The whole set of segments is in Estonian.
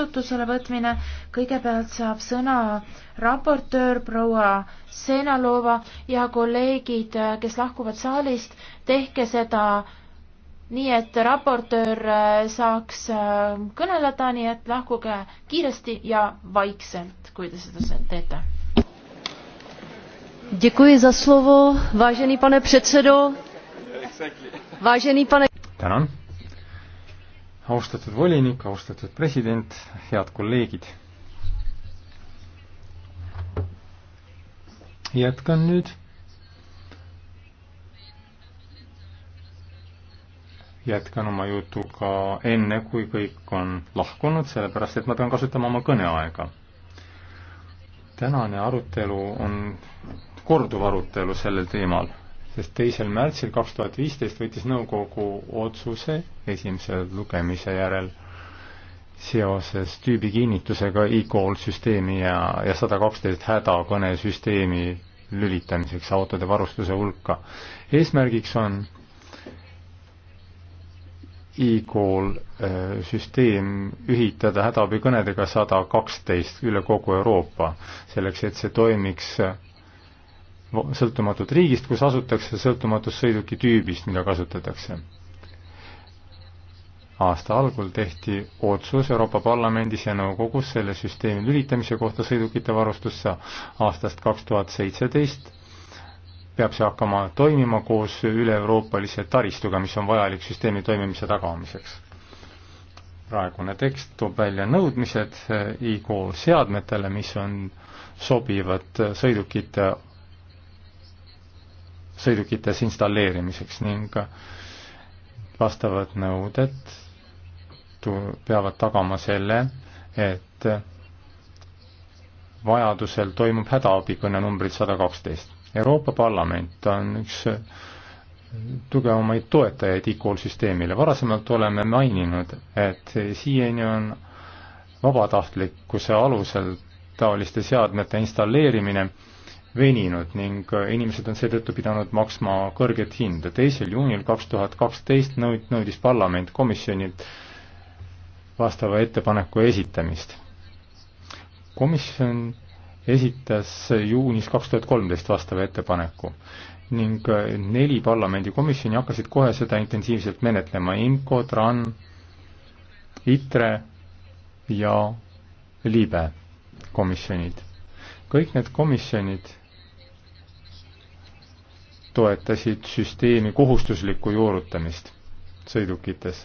vastutusele võtmine. kõigepealt saab sõna raportöör proua Seenaloova ja kolleegid, kes lahkuvad saalist, tehke seda nii, et raportöör saaks kõneleda, nii et lahkuge kiiresti ja vaikselt, kui te seda teete. Děkuji za slovo, vážený pane předsedo. Vážený pane... Tänan austatud volinik, austatud president, head kolleegid. jätkan nüüd jätkan oma jutuga enne, kui kõik on lahkunud, sellepärast et ma pean kasutama oma kõneaega. tänane arutelu on korduv arutelu sellel teemal sest teisel märtsil kaks tuhat viisteist võttis nõukogu otsuse esimese lugemise järel seoses tüübi kinnitusega e-call süsteemi ja, ja sada kaksteist hädakõnesüsteemi lülitamiseks autode varustuse hulka. eesmärgiks on e-call äh, süsteem ühitada hädaabikõnedega sada kaksteist üle kogu Euroopa, selleks et see toimiks äh, sõltumatult riigist, kus asutakse, sõltumatust sõiduki tüübist, mida kasutatakse. aasta algul tehti otsus Euroopa Parlamendis ja nõukogus selle süsteemi lülitamise kohta sõidukite varustusse aastast kaks tuhat seitseteist peab see hakkama toimima koos üle-euroopalise taristuga, mis on vajalik süsteemi toimimise tagamiseks. praegune tekst toob välja nõudmised e-call eh, seadmetele, mis on sobivad eh, sõidukite sõidukites installeerimiseks ning vastavad nõuded peavad tagama selle, et vajadusel toimub hädaabikõne numbrit sada kaksteist. Euroopa Parlament on üks tugevamaid toetajaid e-call süsteemile, varasemalt oleme maininud, et siiani on vabatahtlikkuse alusel taoliste seadmete installeerimine äh, veninud ning äh, inimesed on seetõttu pidanud maksma kõrget hinda. teisel juunil kaks tuhat kaksteist nõud-, nõudis parlament komisjonilt vastava ettepaneku esitamist. komisjon esitas juunis kaks tuhat kolmteist vastava ettepaneku ning äh, neli parlamendikomisjoni hakkasid kohe seda intensiivselt menetlema, IMCO, TRAN, ITRE ja libe komisjonid. kõik need komisjonid toetasid süsteemi kohustuslikku juurutamist sõidukites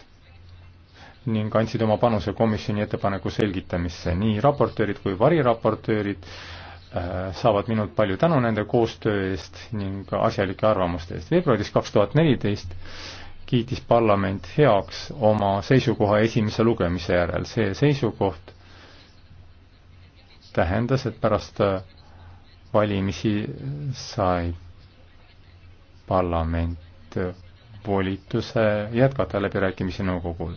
ning andsid oma panuse komisjoni ettepaneku selgitamisse. nii raportöörid kui variraportöörid äh, saavad minult palju tänu nende koostöö eest ning asjalike arvamuste eest. veebruaris kaks tuhat neliteist kiitis parlament heaks oma seisukoha esimese lugemise järel. see seisukoht tähendas, et pärast äh, valimisi said parlament volituse jätkata läbirääkimisi nõukogul.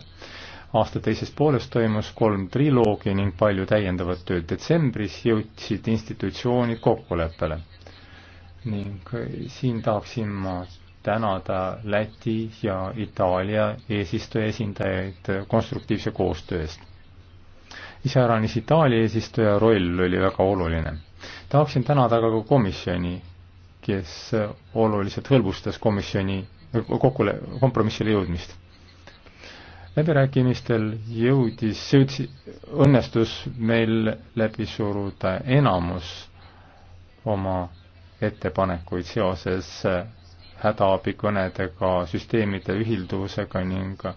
aasta teises pooles toimus kolm triloogi ning palju täiendavat tööd. detsembris jõudsid institutsioonid kokkuleppele. ning siin tahaksin ma tänada Läti ja Itaalia eesistuja esindajaid konstruktiivse koostöö eest. iseäranis Itaalia eesistuja roll oli väga oluline. tahaksin tänada ka komisjoni kes oluliselt hõlbustas komisjoni kokkule, kompromissile jõudmist. läbirääkimistel jõudis, jõudsi, õnnestus meil läbi suruda enamus oma ettepanekuid seoses hädaabikõnedega, süsteemide ühilduvusega ning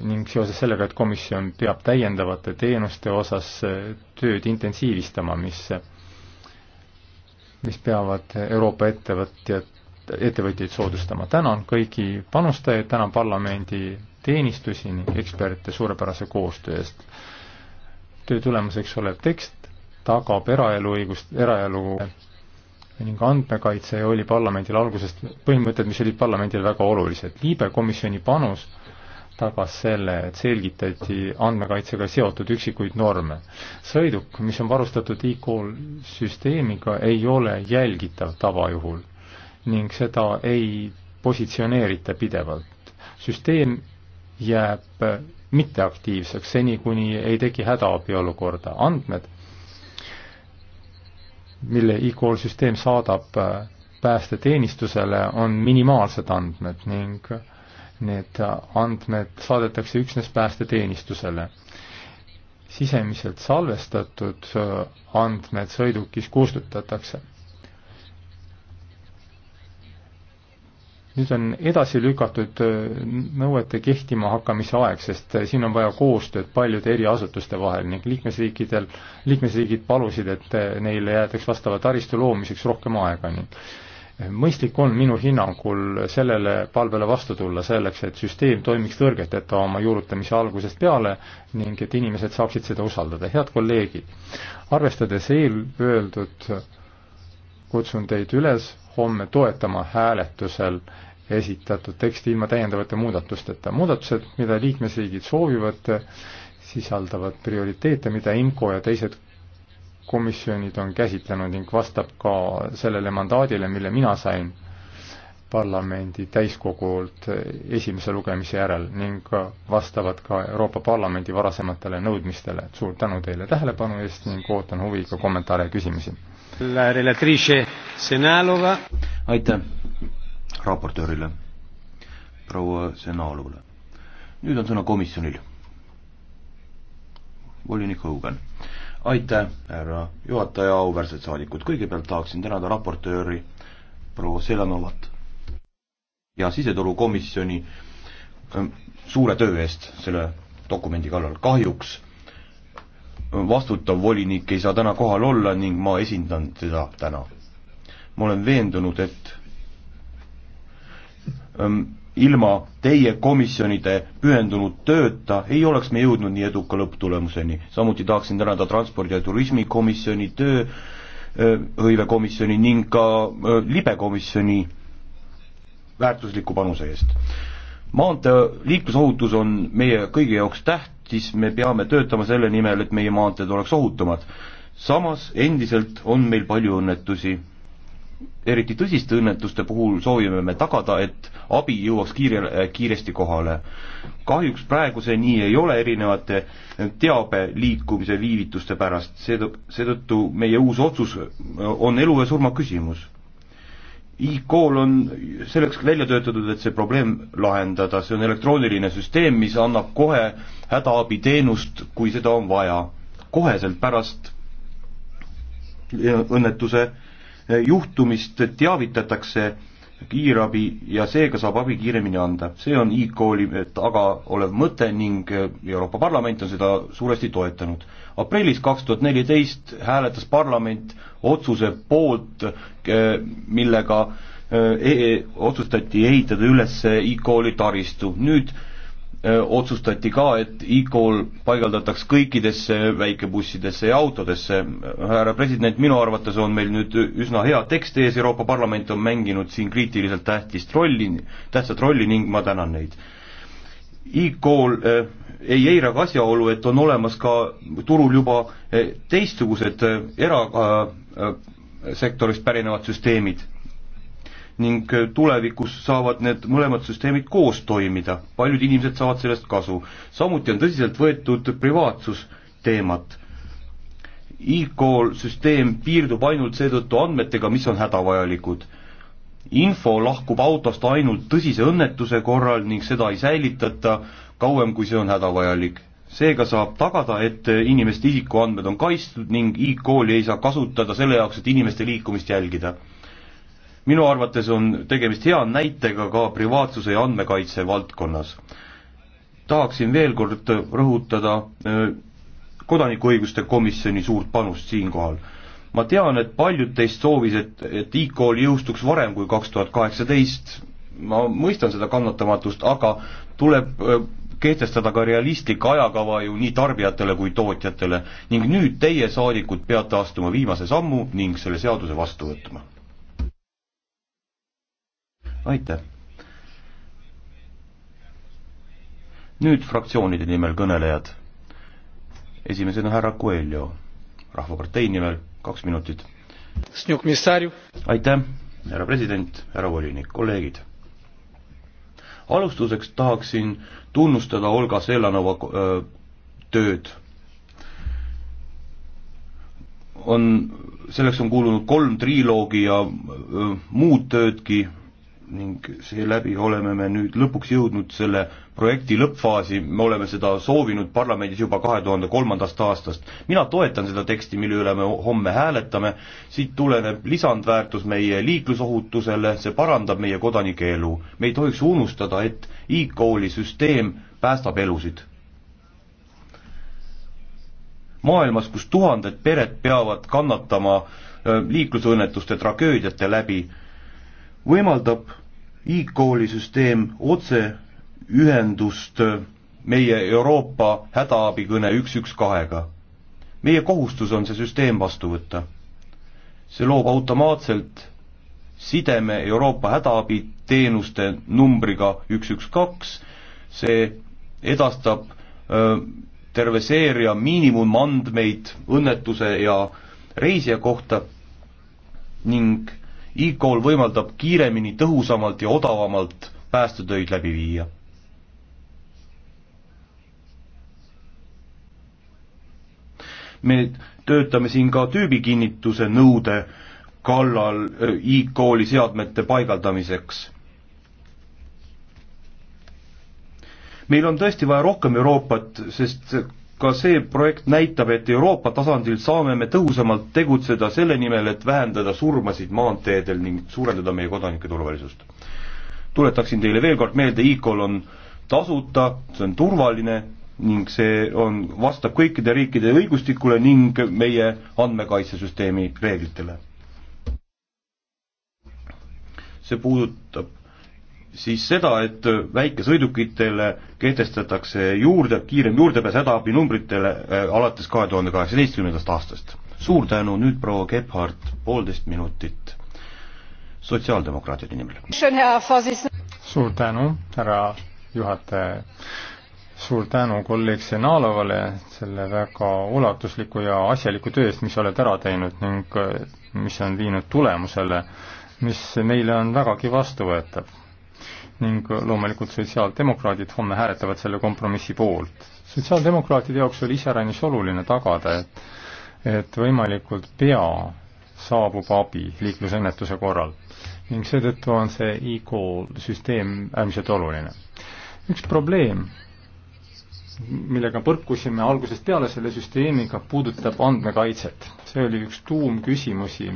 ning seoses sellega, et komisjon peab täiendavate teenuste osas eh, tööd intensiivistama, mis, mis peavad Euroopa ettevõtjad, ettevõtjaid soodustama. tänan kõigi panustajaid, tänan parlamendi teenistusi ning eksperte suurepärase koostöö eest. töö tulemuseks olev tekst tagab eraelu õigust, eraelu ning andmekaitse oli parlamendil algusest, põhimõtted, mis olid parlamendil väga olulised. liibekomisjoni panus tabas selle, et selgitati andmekaitsega seotud üksikuid norme. sõiduk, mis on varustatud e-call süsteemiga, ei ole jälgitav tavajuhul ning seda ei positsioneerita pidevalt. süsteem jääb mitteaktiivseks seni, kuni ei teki hädaabiolukorda. andmed, mille e-call süsteem saadab päästeteenistusele, on minimaalsed andmed ning need andmed saadetakse üksnes päästeteenistusele. sisemiselt salvestatud äh, andmed sõidukis kustutatakse. nüüd on edasi lükatud äh, nõuete kehtima hakkamise aeg, sest äh, siin on vaja koostööd paljude eri asutuste vahel ning liikmesriikidel, liikmesriigid palusid, et neile jäetaks vastava taristu loomiseks rohkem aega ning mõistlik on minu hinnangul sellele palvele vastu tulla selleks, et süsteem toimiks tõrgeteta oma juurutamise algusest peale ning et inimesed saaksid seda usaldada. head kolleegid, arvestades eelöeldut, kutsun teid üles homme toetama hääletusel esitatud teksti ilma täiendavate muudatusteta. muudatused, mida liikmesriigid soovivad, sisaldavad prioriteete, mida IMCO ja teised komisjonid on käsitlenud ning vastab ka sellele mandaadile, mille mina sain parlamendi täiskogult esimese lugemise järel ning vastavad ka Euroopa Parlamendi varasematele nõudmistele. suur tänu teile tähelepanu eest ning ootan huviga kommentaare ja küsimusi. aitäh raportöörile, proua Senalovale. nüüd on sõna komisjonil. volinik Hõugan aitäh, härra juhataja, auväärsed saadikud, kõigepealt tahaksin tänada raportööri proua Selanovat ja siseturukomisjoni ähm, suure töö eest selle dokumendi kallal. kahjuks vastutav volinik ei saa täna kohal olla ning ma esindan teda täna. ma olen veendunud, et ähm, ilma teie komisjonide pühendunud tööta ei oleks me jõudnud nii eduka lõpptulemuseni. samuti tahaksin tänada Transpordi- ja Turismikomisjoni, tööhõivekomisjoni ning ka libekomisjoni väärtusliku panuse eest. maantee liiklusohutus on meie kõigi jaoks tähtis, me peame töötama selle nimel, et meie maanteed oleks ohutumad. samas endiselt on meil palju õnnetusi eriti tõsiste õnnetuste puhul soovime me tagada, et abi jõuaks kiire, kiiresti kohale. kahjuks praegu see nii ei ole erinevate teabe liikumise viivituste pärast, seetõttu, seetõttu meie uus otsus on elu ja surma küsimus. e-call on selleks välja töötatud, et see probleem lahendada, see on elektrooniline süsteem, mis annab kohe hädaabiteenust, kui seda on vaja, koheselt pärast õnnetuse Eh, juhtumist teavitatakse kiirabi ja seega saab abi kiiremini anda. see on e-kooli eh, taga olev mõte ning eh, Euroopa Parlament on seda suuresti toetanud. aprillis kaks tuhat neliteist hääletas parlament otsuse poolt, millega e -e otsustati ehitada üles e-kooli taristu. nüüd otsustati ka, et e-call paigaldataks kõikidesse väikebussidesse ja autodesse. härra president, minu arvates on meil nüüd üsna hea tekst ees, Euroopa Parlament on mänginud siin kriitiliselt tähtist rolli, tähtsat rolli ning ma tänan neid. E-call äh, ei eira ka asjaolu, et on olemas ka turul juba teistsugused äh, erasektorist äh, pärinevad süsteemid ning äh, tulevikus saavad need mõlemad süsteemid koos toimida, paljud inimesed saavad sellest kasu. samuti on tõsiselt võetud privaatsusteemat e. e-call süsteem piirdub ainult seetõttu andmetega, mis on hädavajalikud info lahkub autost ainult tõsise õnnetuse korral ning seda ei säilitata kauem, kui see on hädavajalik. seega saab tagada, et inimeste isikuandmed on kaitstud ning e-kooli ei saa kasutada selle jaoks, et inimeste liikumist jälgida minu arvates on tegemist hea näitega ka privaatsuse ja andmekaitse valdkonnas. tahaksin veel kord rõhutada äh, kodanikuõiguste komisjoni suurt panust siinkohal. ma tean, et paljud teist soovis, et, et e-call jõustuks varem kui kaks tuhat kaheksateist, ma mõistan seda kannatamatust, aga tuleb äh, kehtestada ka realistlik ajakava ju nii tarbijatele kui tootjatele ning nüüd teie, saadikud, peate astuma viimase sammu ning selle seaduse vastu võtma aitäh! nüüd fraktsioonide nimel kõnelejad. esimesena härra Coelho, Rahvapartei nimel kaks minutit. aitäh, härra president, härra volinik, kolleegid! alustuseks tahaksin tunnustada Olga Selanova öö, tööd. on, selleks on kuulunud kolm triloogi ja öö, muud töödki ning seeläbi oleme me nüüd lõpuks jõudnud selle projekti lõppfaasi, me oleme seda soovinud parlamendis juba kahe tuhande kolmandast aastast. mina toetan seda teksti, mille üle me homme hääletame, siit tuleneb lisandväärtus meie liiklusohutusele, see parandab meie kodanike elu. me ei tohiks unustada, et e-kooli süsteem päästab elusid maailmas, kus tuhanded pered peavad kannatama äh, liiklusõnnetuste tragöödiate läbi, võimaldab e-koolisüsteem otse ühendust meie Euroopa hädaabikõne üks, üks kahega. meie kohustus on see süsteem vastu võtta. see loob automaatselt sideme Euroopa hädaabiteenuste numbriga üks, üks, kaks, see edastab öö, terve seeria miinimumandmeid õnnetuse ja reisija kohta ning e-call võimaldab kiiremini, tõhusamalt ja odavamalt päästetöid läbi viia. me töötame siin ka tüübikinnituse nõude kallal äh, e-kooli seadmete paigaldamiseks. meil on tõesti vaja rohkem Euroopat, sest ka see projekt näitab, et Euroopa tasandil saame me tõhusamalt tegutseda selle nimel, et vähendada surmasid maanteedel ning suurendada meie kodanike turvalisust. tuletaksin teile veel kord meelde, e-call on tasuta, see on turvaline ning see on, vastab kõikide riikide õigustikule ning meie andmekaitsesüsteemi reeglitele. see puudutab siis seda, et väikesõidukitele kehtestatakse juurde, kiirem juurdepääs hädaabinumbritele äh, alates kahe tuhande kaheksateistkümnendast aastast. suur tänu, nüüd proua Gebhardt, poolteist minutit sotsiaaldemokraatide nimel. suur tänu, härra juhataja. suur tänu kolleeg Senalovale selle väga ulatusliku ja asjaliku töö eest, mis sa oled ära teinud ning äh, mis on viinud tulemusele, mis meile on vägagi vastuvõetav ning loomulikult sotsiaaldemokraadid homme hääletavad selle kompromissi poolt. sotsiaaldemokraatide jaoks oli iseäranis oluline tagada, et et võimalikult pea saabub abi liiklusõnnetuse korral ning seetõttu on see e-call süsteem äärmiselt oluline. üks probleem, millega põrkusime algusest peale selle süsteemiga, puudutab andmekaitset. see oli üks tuumküsimusi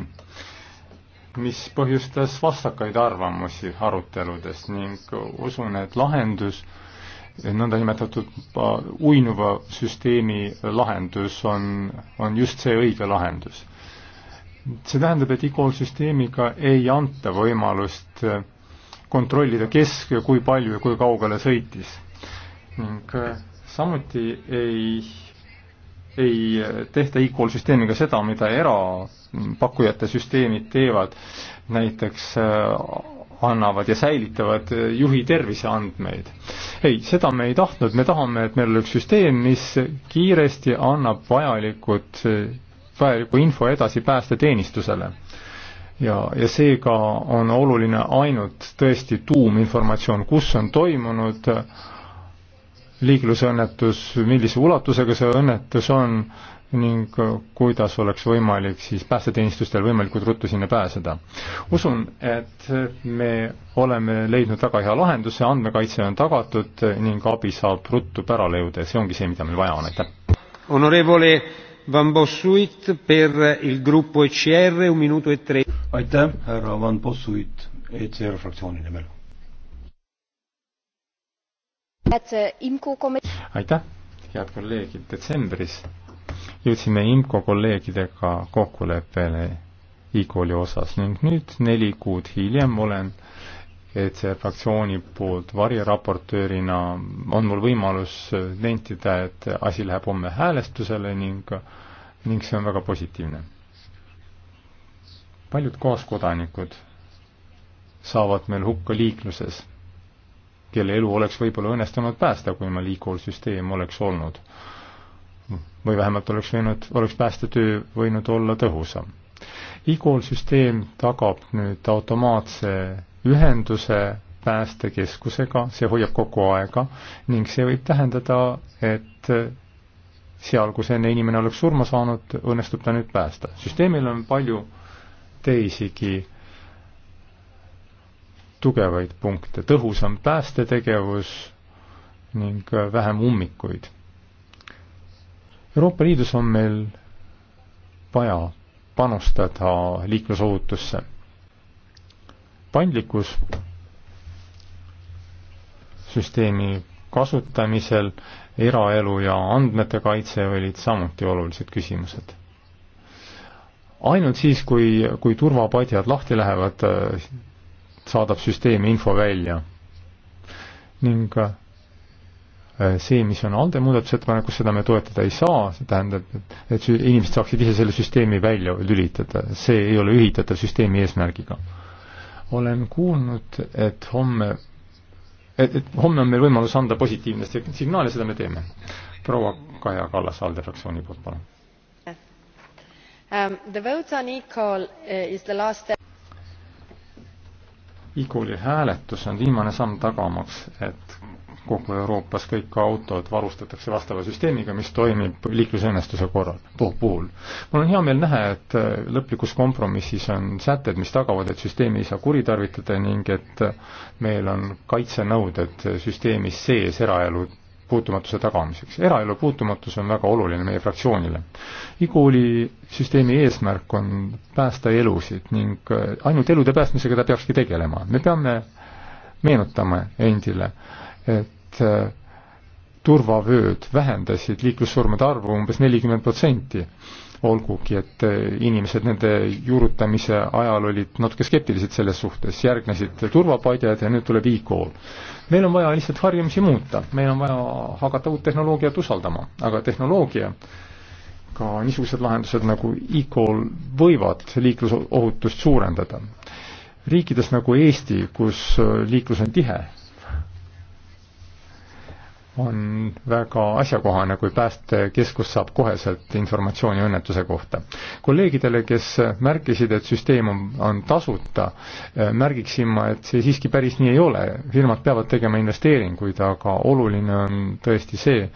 mis põhjustas vastakaid arvamusi aruteludes ning usun, et lahendus, nõndanimetatud uinuva süsteemi lahendus on, on just see õige lahendus. see tähendab, et igal süsteemiga ei anta võimalust äh, kontrollida, kes ja kui palju ja kui kaugele sõitis. ning äh, samuti ei ei tehta equal süsteemiga seda, mida erapakkujate süsteemid teevad, näiteks äh, annavad ja säilitavad juhi terviseandmeid. ei, seda me ei tahtnud, me tahame, et meil oleks süsteem, mis kiiresti annab vajalikud, vajaliku info edasi päästeteenistusele. ja, ja seega on oluline ainult tõesti tuuminformatsioon, kus on toimunud äh, liiklusõnnetus, millise ulatusega see õnnetus on ning kuidas oleks võimalik siis päästeteenistustel võimalikult ruttu sinna pääseda. usun, et me oleme leidnud väga hea lahenduse, andmekaitse on tagatud ning abi saab ruttu pärale jõuda ja see ongi see, mida meil vaja on, aitäh. Honorevole Van Bossuit per il gruppo ECR un minuto e tre. aitäh, härra Van Bossuit ECR fraktsiooni nimel Uh, aitäh, head kolleegid, detsembris jõudsime IMCO kolleegidega kokkuleppele e-kooli osas ning nüüd neli kuud hiljem olen ECR fraktsiooni poolt variraportöörina on mul võimalus nentida, et asi läheb homme häälestusele ning, ning see on väga positiivne. paljud kaaskodanikud saavad meil hukka liikluses kelle elu oleks võib-olla õnnestunud päästa, kui meil e-call süsteem oleks olnud. või vähemalt oleks võinud, oleks päästetöö võinud olla tõhusam e. e-call süsteem tagab nüüd automaatse ühenduse päästekeskusega, see hoiab kokku aega ning see võib tähendada, et seal, kus enne inimene oleks surma saanud, õnnestub ta nüüd päästa. süsteemil on palju teisigi tugevaid punkte, tõhusam päästetegevus ning äh, vähem ummikuid. Euroopa Liidus on meil vaja panustada liiklusohutusse. paindlikkus süsteemi kasutamisel, eraelu ja andmete kaitse olid samuti olulised küsimused. ainult siis, kui, kui turvapadjad lahti lähevad, äh, saadab süsteem info välja. ning äh, see, mis on ALDE muudatusettepanekus, seda me toetada ei saa, see tähendab, et, et inimesed saaksid ise selle süsteemi välja lülitada, see ei ole ühitatav süsteemi eesmärgiga. olen kuulnud, et homme, et, et homme on meil võimalus anda positiivne signaal ja seda me teeme. proua Kaja Kallas ALDE fraktsiooni poolt, palun. Um, the votes on e-call uh, is the last step e-kooli hääletus on viimane samm tagamaks, et kogu Euroopas kõik autod varustatakse vastava süsteemiga, mis toimib liiklusõnnestuse korral, puhul. mul on hea meel näha, et äh, lõplikus kompromissis on sätted, mis tagavad, et süsteemi ei saa kuritarvitada ning et meil on kaitsenõuded süsteemis sees eraelu puutumatuse tagamiseks. eraelu puutumatus on väga oluline meie fraktsioonile. e-koolisüsteemi eesmärk on päästa elusid ning äh, ainult elude päästmisega ta peakski tegelema. me peame meenutama endile, et äh, turvavööd vähendasid liiklussurmade arvu umbes nelikümmend protsenti olgugi, et eh, inimesed nende juurutamise ajal olid natuke skeptilised selles suhtes, järgnesid turvapadjad ja nüüd tuleb e-call. meil on vaja lihtsalt harjumusi muuta, meil on vaja hakata uut tehnoloogiat usaldama, aga tehnoloogia ka niisugused lahendused nagu e-call võivad liiklusohutust suurendada. riikides nagu Eesti, kus eh, liiklus on tihe, on väga asjakohane, kui päästekeskus saab koheselt informatsiooni õnnetuse kohta. kolleegidele, kes märkisid, et süsteem on, on tasuta, eh, märgiksin ma, et see siiski päris nii ei ole, firmad peavad tegema investeeringuid, aga oluline on tõesti see,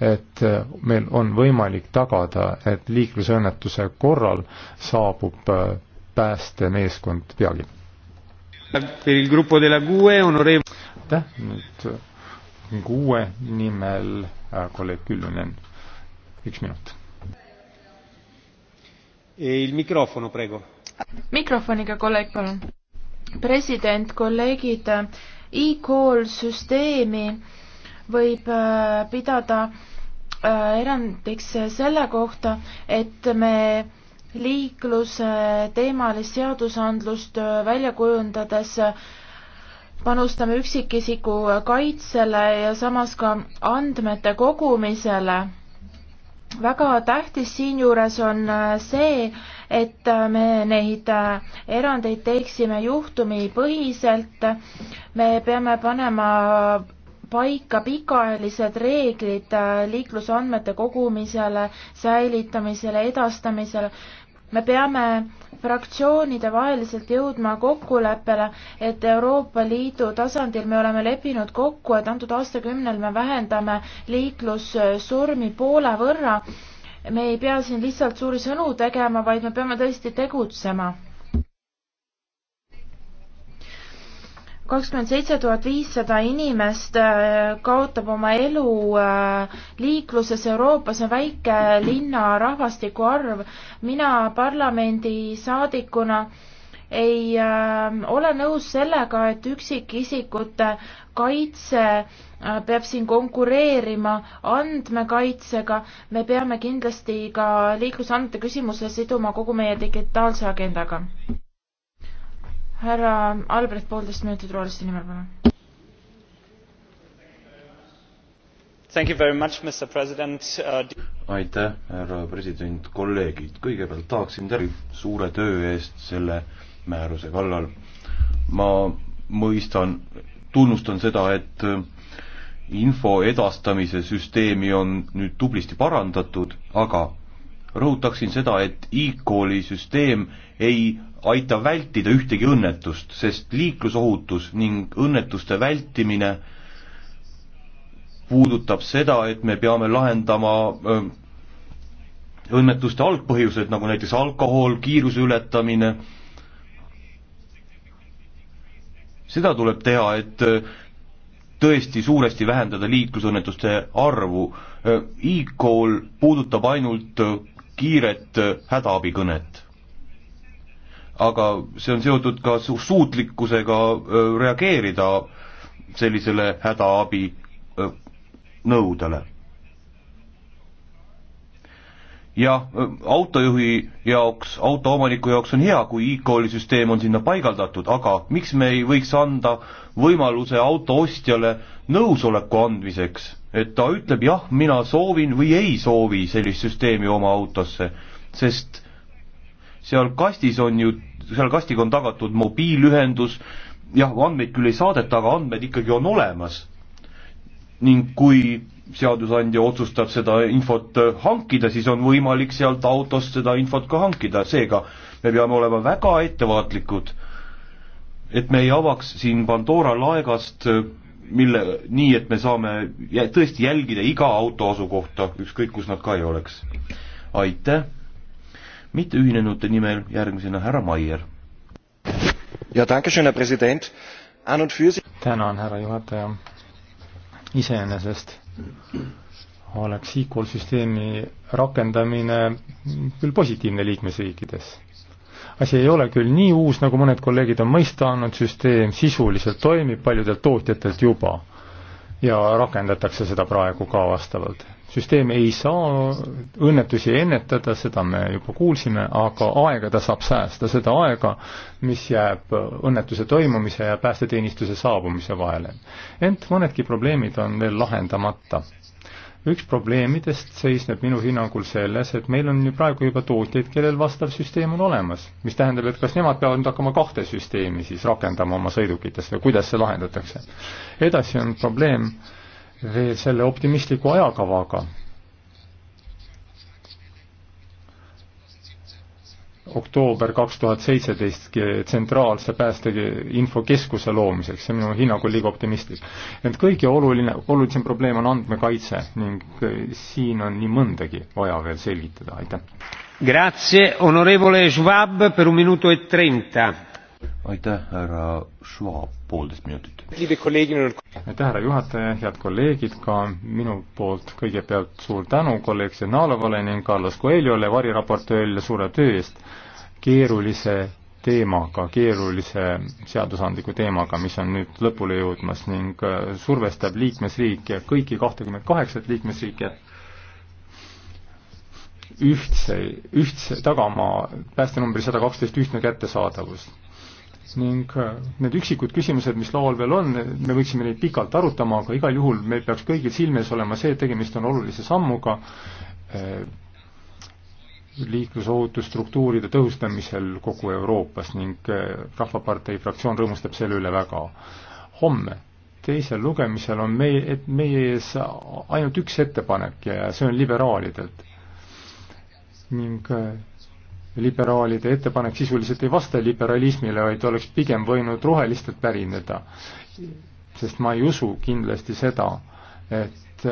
et meil on võimalik tagada, et liiklusõnnetuse korral saabub eh, päästemeeskond peagi. E, aitäh, nüüd ning uue nimel äh, kolleeg Küllunen. üks minut. Eh, mikrofon, praegu. mikrofoniga kolleeg, palun. president, kolleegid, e-call süsteemi võib äh, pidada äh, erandiks selle kohta, et me liikluse teemalist seadusandlust välja kujundades panustame üksikisiku kaitsele ja samas ka andmete kogumisele. väga tähtis siinjuures on äh, see, et äh, me neid äh, erandeid teeksime juhtumipõhiselt. me peame panema paika pikaajalised reeglid liiklusandmete kogumisele, säilitamisele, edastamisele me peame fraktsioonide vaheliselt jõudma kokkuleppele, et Euroopa Liidu tasandil me oleme leppinud kokku, et antud aastakümnel me vähendame liiklussurmi poole võrra. me ei pea siin lihtsalt suuri sõnu tegema, vaid me peame tõesti tegutsema kakskümmend seitse tuhat viissada inimest äh, kaotab oma elu äh, liikluses Euroopas, on väike linna rahvastiku arv. mina parlamendisaadikuna ei äh, ole nõus sellega, et üksikisikute kaitse peab siin konkureerima andmekaitsega, me peame kindlasti ka liiklusandmete küsimuse siduma kogu meie digitaalse agendaga härra Albrecht, poolteist minutit rooliste nimel, palun. Uh, aitäh, härra president, kolleegid, kõigepealt tahaksin tänada suure töö eest selle määruse kallal. ma mõistan, tunnustan seda, et info edastamise süsteemi on nüüd tublisti parandatud, aga rõhutaksin seda, et e-kooli süsteem ei aitab vältida ühtegi õnnetust, sest liiklusohutus ning õnnetuste vältimine puudutab seda, et me peame lahendama öö, õnnetuste algpõhjused, nagu näiteks alkohol, kiiruse ületamine, seda tuleb teha, et tõesti suuresti vähendada liiklusõnnetuste arvu e. E-call puudutab ainult kiiret hädaabikõnet aga see on seotud ka su-, suutlikkusega reageerida sellisele hädaabi nõudele. jah, autojuhi jaoks, autoomaniku jaoks on hea, kui e-call'i süsteem on sinna paigaldatud, aga miks me ei võiks anda võimaluse auto ostjale nõusoleku andmiseks, et ta ütleb jah, mina soovin või ei soovi sellist süsteemi oma autosse, sest seal kastis on ju, seal kastiga on tagatud mobiiliühendus, jah, andmeid küll ei saadeta, aga andmed ikkagi on olemas. ning kui seadusandja otsustab seda infot äh, hankida, siis on võimalik sealt autost seda infot ka hankida, seega me peame olema väga ettevaatlikud, et me ei avaks siin Pandora laegast äh, mille, nii et me saame tõesti jälgida iga auto asukohta, ükskõik kus nad ka ei oleks. aitäh! mitteühinenute nimel järgmisena härra Maier. tänan, härra juhataja. iseenesest oleks equal süsteemi rakendamine küll positiivne liikmesriikides. asi ei ole küll nii uus, nagu mõned kolleegid on mõista andnud, süsteem sisuliselt toimib paljudelt tootjatelt juba ja rakendatakse seda praegu ka vastavalt süsteem ei saa õnnetusi ennetada, seda me juba kuulsime, aga aega ta saab säästa, seda aega, mis jääb õnnetuse toimumise ja päästeteenistuse saabumise vahele. ent mõnedki probleemid on veel lahendamata. üks probleemidest seisneb minu hinnangul selles, et meil on ju praegu juba tootjaid, kellel vastav süsteem on olemas, mis tähendab, et kas nemad peavad nüüd hakkama kahte süsteemi siis rakendama oma sõidukites või kuidas see lahendatakse. edasi on probleem äh, veel selle optimistliku ajakavaga. oktoober kaks tuhat seitseteist tsentraalse päästeinfokeskuse loomiseks, see on minu hinnangul liiga optimistlik. ent kõige oluline, olulisem probleem on andmekaitse ning siin on nii mõndagi vaja veel selgitada, aitäh. Grazie, onorevole Schwab per un minuto e trenta aitäh, härra Schwab, poolteist minutit. aitäh, härra juhataja, head kolleegid, ka minu poolt kõigepealt suur tänu kolleeg Senalovale ning Carlos Coelhole, variraportöörile suure töö eest keerulise teemaga, keerulise seadusandliku teemaga, mis on nüüd lõpule jõudmas ning äh, survestab liikmesriike, kõiki kahtekümmet kaheksat liikmesriiki, ühtse, ühtse, tagama päästenumbri sada kaksteist ühtne kättesaadavus ning äh, need üksikud küsimused, mis laual veel on, me võiksime neid pikalt arutama, aga igal juhul meil peaks kõigil silme ees olema see, et tegemist on olulise sammuga äh, liiklusohutusstruktuuride tõhustamisel kogu Euroopas ning äh, Rahvapartei fraktsioon rõõmustab selle üle väga. homme teisel lugemisel on meie, et meie ees ainult üks ettepanek ja see on liberaalidelt. ning liberaalide ettepanek sisuliselt ei vasta liberalismile, vaid oleks pigem võinud rohelistelt pärineda. sest ma ei usu kindlasti seda, et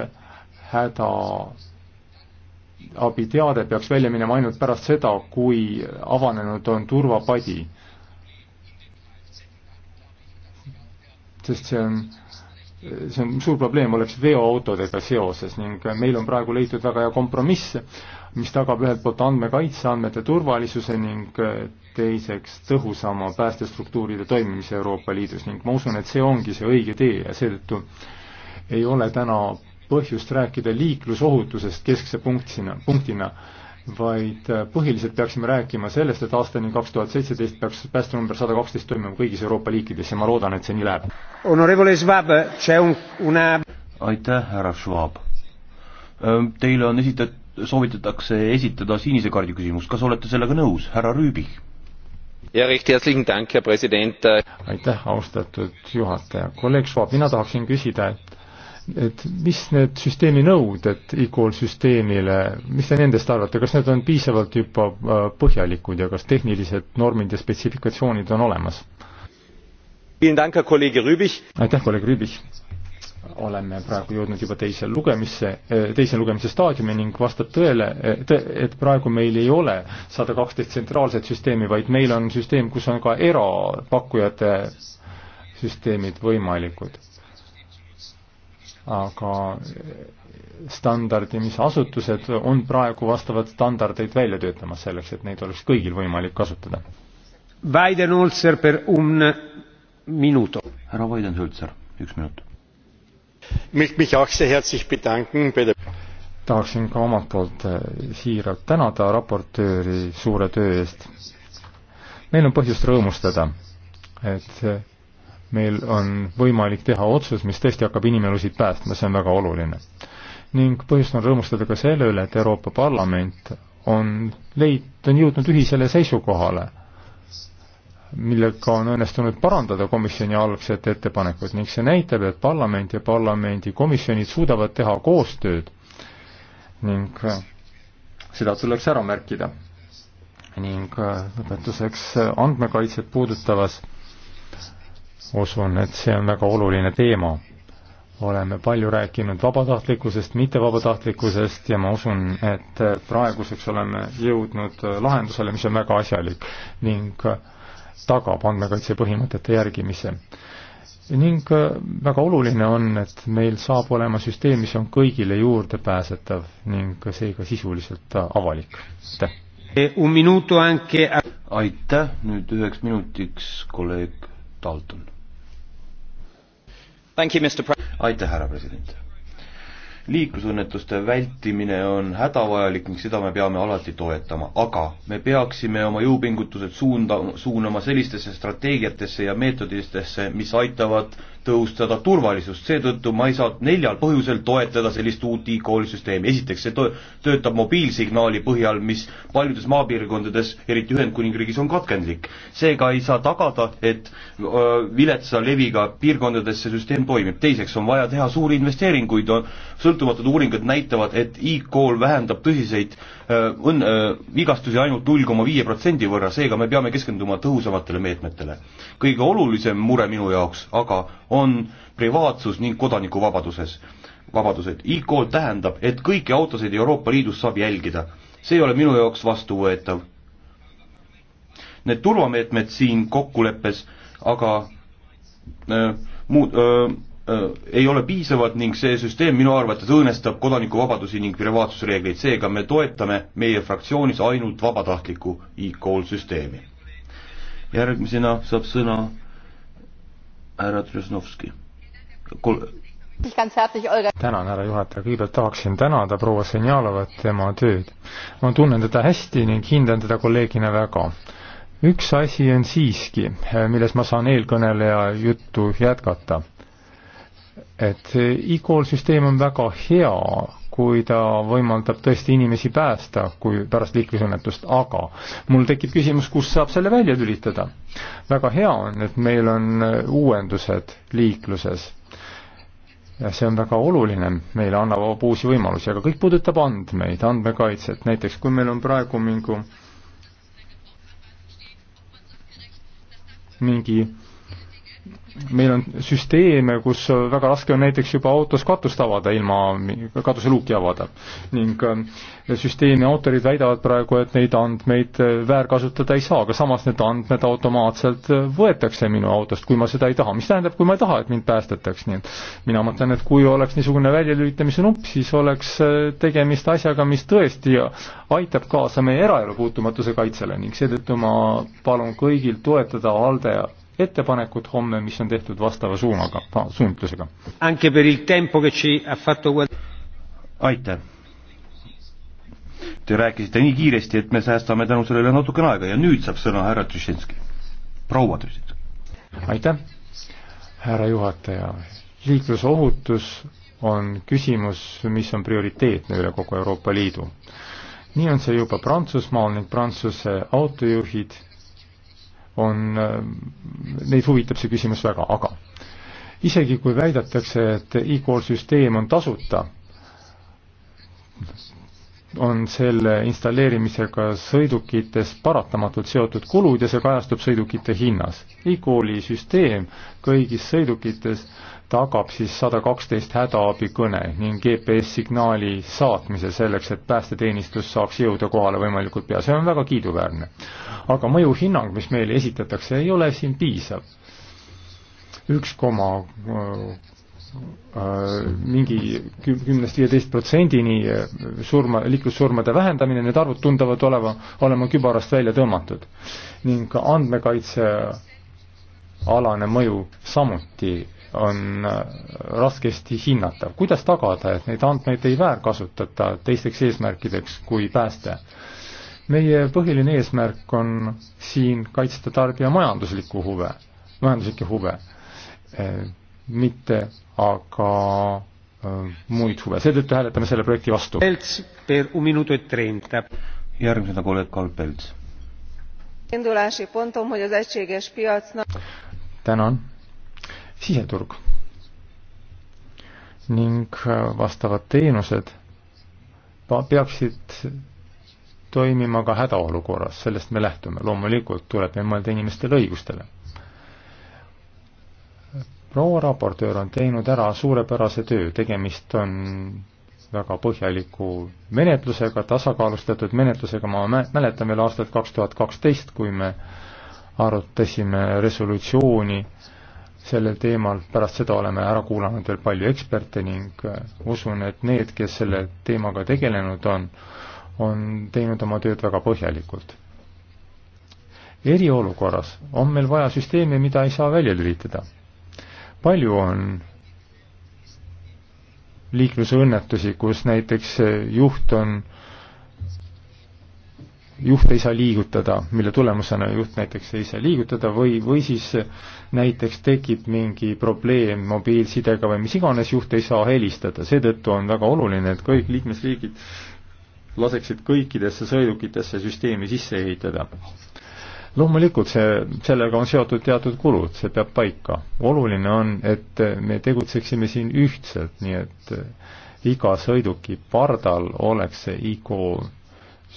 hädaabiteade peaks välja minema ainult pärast seda, kui avanenud on turvapadi. sest see on see on suur probleem, oleks veoautodega seoses ning meil on praegu leitud väga hea kompromiss, mis tagab ühelt poolt andmekaitse, andmete turvalisuse ning äh, teiseks tõhusama päästestruktuuride toimimise Euroopa Liidus ning ma usun, et see ongi see õige tee ja seetõttu ei ole täna põhjust rääkida liiklusohutusest keskse punktina, punktina, vaid äh, põhiliselt peaksime rääkima sellest, et aastani kaks tuhat seitseteist peaks päästenumber sada kaksteist toimima kõigis Euroopa riikides ja ma loodan, et see nii läheb. aitäh, härra Schwab. Teile on esitatud soovitatakse esitada sinise kaardi küsimus, kas olete sellega nõus, härra Rüübik? aitäh, austatud juhataja. kolleeg Schwab, mina tahaksin küsida, et et mis need süsteemi nõuded equal süsteemile, mis te nendest arvate, kas need on piisavalt juba äh, põhjalikud ja kas tehnilised normid ja spetsifikatsioonid on olemas? aitäh, kolleeg Rüübich! oleme praegu jõudnud juba teise lugemisse, eh, teise lugemise staadiumi ning vastab tõele, eh, et praegu meil ei ole sada kaksteist tsentraalset süsteemi, vaid meil on süsteem, kus on ka erapakkujate süsteemid võimalikud. aga standardimisasutused on praegu vastavad standardeid välja töötamas selleks, et neid oleks kõigil võimalik kasutada. Weidenholzer per un minuto. härra Weidenholzer, üks minut tahaksin ka omalt poolt äh, siiralt tänada raportööri suure töö eest. meil on põhjust rõõmustada, et äh, meil on võimalik teha otsus, mis tõesti hakkab inimelusid päästma, see on väga oluline. ning põhjust on rõõmustada ka selle üle, et Euroopa Parlament on leid-, on jõudnud ühisele seisukohale millega on õnnestunud parandada komisjoni algset ettepanekut ning see näitab, et parlament ja parlamendikomisjonid suudavad teha koostööd ning äh, seda tuleks ära märkida. ning äh, lõpetuseks äh, andmekaitset puudutavas usun, et see on väga oluline teema. oleme palju rääkinud vabatahtlikkusest, mittevabatahtlikkusest ja ma usun, et praeguseks oleme jõudnud lahendusele, mis on väga asjalik ning äh, tagab andmekaitse põhimõtete järgimise. ning äh, väga oluline on, et meil saab olema süsteem, mis on kõigile juurdepääsetav ning seega sisuliselt äh, avalik. aitäh! aitäh, nüüd üheks minutiks kolleeg Dalton. aitäh, härra president! liiklusõnnetuste vältimine on hädavajalik ning seda me peame alati toetama, aga me peaksime oma jõupingutused suunda, suunama sellistesse strateegiatesse ja meetoditesse, mis aitavad tõhustada turvalisust, seetõttu ma ei saa neljal põhjusel toetada sellist uut e-koolisüsteemi, esiteks see to-, töötab mobiilsignaali põhjal, mis paljudes maapiirkondades, eriti Ühendkuningriigis, on katkendlik. seega ei saa tagada, et öö, viletsa leviga piirkondades see süsteem toimib, teiseks on vaja teha suuri investeeringuid, sõltumatud uuringud näitavad, et e-kool vähendab tõsiseid õn-, vigastusi ainult null koma viie protsendi võrra, seega me peame keskenduma tõhusamatele meetmetele. kõige olulisem mure minu jaoks aga on privaatsus ning kodanikuvabaduses, vabadused. e-call tähendab, et kõiki autosid Euroopa Liidus saab jälgida. see ei ole minu jaoks vastuvõetav. Need turvameetmed siin kokkuleppes aga äh, muud äh, äh, ei ole piisavad ning see süsteem minu arvates õõnestab kodanikuvabadusi ning privaatsusreegleid, seega me toetame meie fraktsioonis ainult vabatahtlikku e-call süsteemi. järgmisena saab sõna härra Trusnovski. tänan, härra juhataja, kõigepealt tahaksin tänada proua Senjalovat tema tööd. ma tunnen teda hästi ning hindan teda kolleegina väga. üks asi on siiski, milles ma saan eelkõneleja juttu jätkata. et e-call süsteem on väga hea kui ta võimaldab tõesti inimesi päästa, kui pärast liiklusõnnetust, aga mul tekib küsimus, kust saab selle välja lülitada. väga hea on, et meil on uuendused liikluses. ja see on väga oluline, meile annab uusi võimalusi, aga kõik puudutab andmeid, andmekaitset, näiteks kui meil on praegu mingi mingi meil on süsteeme, kus väga raske on näiteks juba autos katust avada ilma, katuseluuki avada. ning äh, süsteemi autorid väidavad praegu, et neid andmeid äh, väärkasutada ei saa, aga samas need andmed automaatselt äh, võetakse minu autost, kui ma seda ei taha. mis tähendab, kui ma ei taha, et mind päästetaks, nii et mina mõtlen, et kui oleks niisugune väljalülitamise nupp, siis oleks tegemist asjaga, mis tõesti aitab kaasa meie eraelu puutumatuse kaitsele ning seetõttu ma palun kõigil toetada ALDE ettepanekut homme, mis on tehtud vastava suunaga, suunitlusega. aitäh! Te rääkisite nii kiiresti, et me säästame tänu sellele natukene aega ja nüüd saab sõna härra Tšetšenski, proua Tšetšenski. aitäh, härra juhataja. liiklusohutus on küsimus, mis on prioriteetne üle kogu Euroopa Liidu. nii on see juba Prantsusmaal ning Prantsuse autojuhid on, neid huvitab see küsimus väga, aga isegi kui väidetakse, et e-call süsteem on tasuta, on selle installeerimisega sõidukites paratamatult seotud kulud ja see kajastub sõidukite hinnas e. e-kooli süsteem kõigis sõidukites äh, tagab siis sada kaksteist hädaabikõne ning GPS-signaali saatmise selleks, et päästeteenistus saaks jõuda kohale võimalikult pea, see on väga kiiduväärne. aga mõjuhinnang, mis meile esitatakse, ei ole siin piisav. üks koma äh, mingi kümnest viieteist protsendini äh, surma, liiklussurmade vähendamine, need arvud tunduvad oleva, olema kübarast välja tõmmatud. ning andmekaitse alane mõju samuti on äh, raskesti hinnatav. kuidas tagada, et neid andmeid ei väärkasutata teisteks eesmärkideks kui pääste? meie põhiline eesmärk on siin kaitsta tarbija majanduslikku huve, majanduslikke huve, äh, mitte aga äh, muid huve, seetõttu hääletame selle projekti vastu. E järgmisena kolleeg Karl Pelts. tänan siseturg ning äh, vastavad teenused peaksid toimima ka hädaolukorras, sellest me lähtume, loomulikult tuleb meil mõelda inimestele õigustele. proua raportöör on teinud ära suurepärase töö, tegemist on väga põhjaliku menetlusega, tasakaalustatud menetlusega, ma mäletan veel aastat kaks tuhat kaksteist, kui me arutasime resolutsiooni äh, sellel teemal, pärast seda oleme ära kuulanud veel palju eksperte ning äh, usun, et need, kes selle teemaga tegelenud on, on teinud oma tööd väga põhjalikult. eriolukorras on meil vaja süsteemi, mida ei saa välja lülitada. palju on liiklusõnnetusi, kus näiteks juht on äh, juht ei saa liigutada, mille tulemusena juht näiteks ei saa liigutada või, või siis näiteks tekib mingi probleem mobiilsidega või mis iganes, juht ei saa helistada, seetõttu on väga oluline, et kõik liikmesriigid laseksid kõikidesse sõidukitesse süsteemi sisse ehitada. loomulikult see, sellega on seotud teatud kulud, see peab paika. oluline on, et me tegutseksime siin ühtselt, nii et iga sõiduki pardal oleks see IQ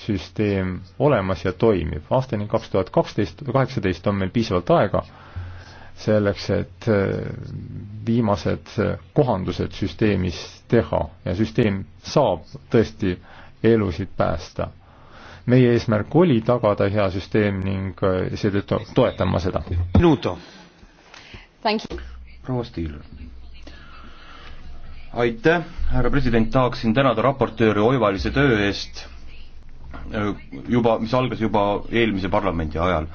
süsteem olemas ja toimib. aastani kaks tuhat kaksteist, kaheksateist on meil piisavalt aega selleks, et äh, viimased äh, kohandused süsteemis teha ja süsteem saab tõesti elusid päästa. meie eesmärk oli tagada hea süsteem ning äh, seetõttu toetan ma seda. Nuto. proua Stiiler aitäh, härra president, tahaksin tänada raportööri oivalise töö eest Äh, juba, mis algas juba eelmise parlamendi ajal.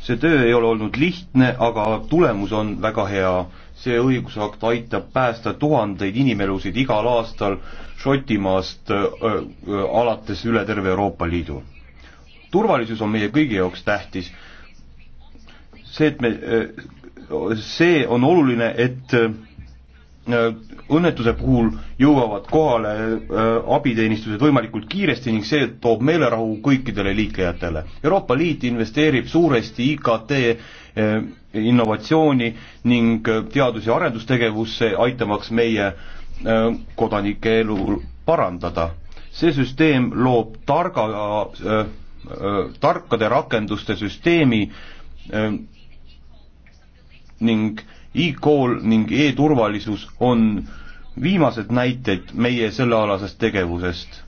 see töö ei ole olnud lihtne, aga tulemus on väga hea. see õigusakt aitab päästa tuhandeid inimelusid igal aastal Šotimaast äh, äh alates üle terve Euroopa Liidu. turvalisus on meie kõigi jaoks tähtis. see, et me äh,, see on oluline, et äh, Äh, õnnetuse puhul jõuavad kohale äh, abiteenistused võimalikult kiiresti ning see toob meelerahu kõikidele liiklejatele. Euroopa Liit investeerib suuresti IKT äh, innovatsiooni ning teadus- ja arendustegevusse, aitamaks meie kodanike elu parandada. see süsteem loob targa, tarkade rakenduste süsteemi ning e-call ning e-turvalisus on viimased näited meie sellealasest tegevusest.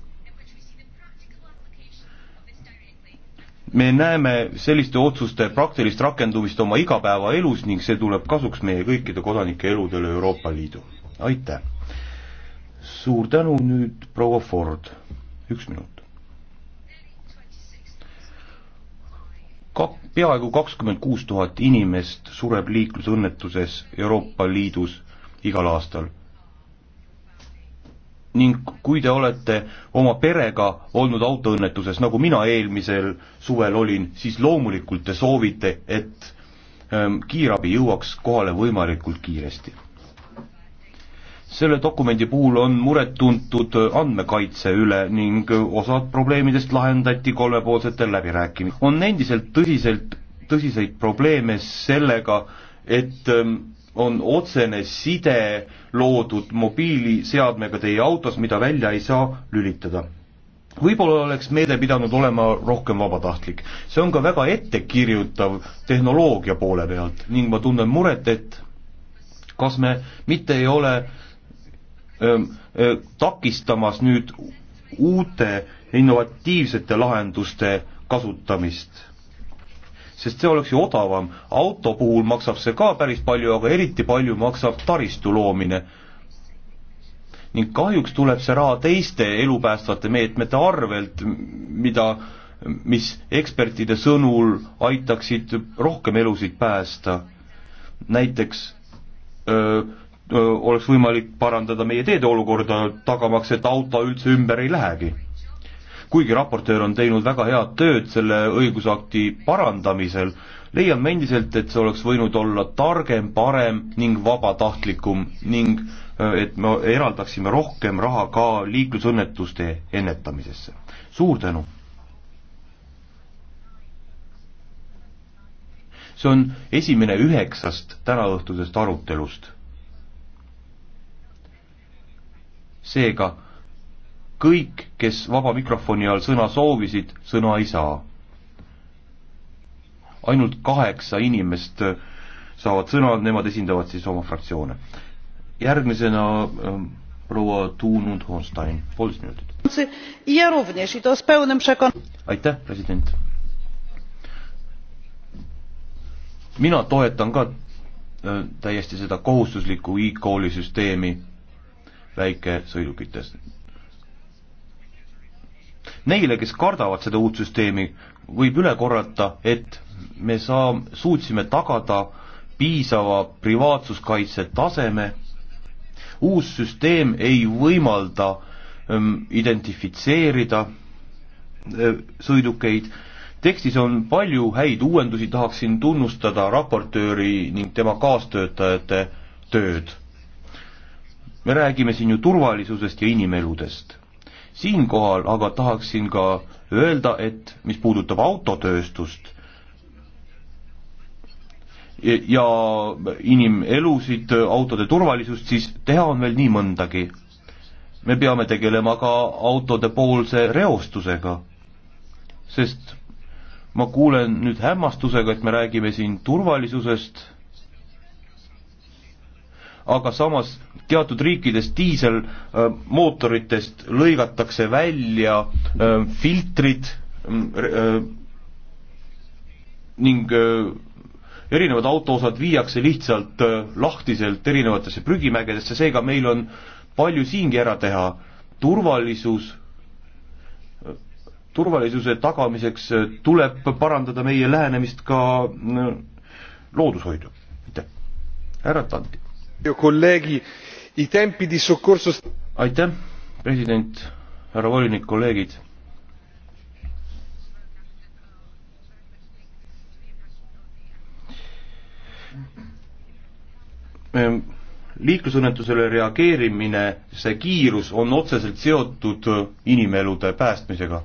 me näeme selliste otsuste praktilist rakendumist oma igapäevaelus ning see tuleb kasuks meie kõikide kodanike eludele Euroopa Liidu. aitäh! suur tänu nüüd, proua Ford, üks minut. kak-, peaaegu kakskümmend kuus tuhat inimest sureb liiklusõnnetuses Euroopa Liidus igal aastal. ning kui te olete oma perega olnud autoõnnetuses, nagu mina eelmisel suvel olin, siis loomulikult te soovite, et ähm, kiirabi jõuaks kohale võimalikult kiiresti selle dokumendi puhul on muret tuntud andmekaitse üle ning osad probleemidest lahendati kolmepoolsetel läbirääkimistel. on endiselt tõsiselt, tõsiseid probleeme sellega, et ähm, on otsene side loodud mobiiliseadmega teie autos, mida välja ei saa lülitada. võib-olla oleks meede pidanud olema rohkem vabatahtlik. see on ka väga ettekirjutav tehnoloogia poole pealt ning ma tunnen muret, et kas me mitte ei ole takistamas nüüd uute innovatiivsete lahenduste kasutamist. sest see oleks ju odavam, auto puhul maksab see ka päris palju, aga eriti palju maksab taristu loomine. ning kahjuks tuleb see raha teiste elupäästvate meetmete arvelt, mida, mis ekspertide sõnul aitaksid rohkem elusid päästa. näiteks öö, oleks võimalik parandada meie teede olukorda, tagamaks, et auto üldse ümber ei lähegi. kuigi raportöör on teinud väga head tööd selle õigusakti parandamisel, leian ma endiselt, et see oleks võinud olla targem, parem ning vabatahtlikum ning et me eraldaksime rohkem raha ka liiklusõnnetuste ennetamisesse. suur tänu! see on esimene üheksast tänaõhtusest arutelust seega kõik, kes vaba mikrofoni all sõna soovisid, sõna ei saa. ainult kaheksa inimest saavad sõna, nemad esindavad siis oma fraktsioone. järgmisena ähm, proua Tuunund Hornstein, poolteist minutit. aitäh, president. mina toetan ka äh, täiesti seda kohustuslikku e-kooli süsteemi väikesõidukitest. Neile, kes kardavad seda uut süsteemi, võib üle korrata, et me saa-, suutsime tagada piisava privaatsuskaitse taseme, uus süsteem ei võimalda ähm, identifitseerida äh, sõidukeid, tekstis on palju häid uuendusi, tahaksin tunnustada raportööri ning tema kaastöötajate tööd me räägime siin ju turvalisusest ja inimeludest. siinkohal aga tahaksin ka öelda, et mis puudutab autotööstust ja inimelusid, autode turvalisust, siis teha on veel nii mõndagi. me peame tegelema ka autode poolse reostusega, sest ma kuulen nüüd hämmastusega, et me räägime siin turvalisusest aga samas teatud riikides diiselmootoritest äh, lõigatakse välja äh, filtrid mm, äh, ning erinevad autoosad viiakse lihtsalt lahtiselt erinevatesse prügimägedesse, seega meil on palju siingi ära teha, turvalisus, turvalisuse tagamiseks tuleb parandada meie lähenemist ka loodushoidu. aitäh, härra Tanti aitäh, president, härra volinik, kolleegid. Ehm, liiklusõnnetusele reageerimine, see kiirus on otseselt seotud inimelude päästmisega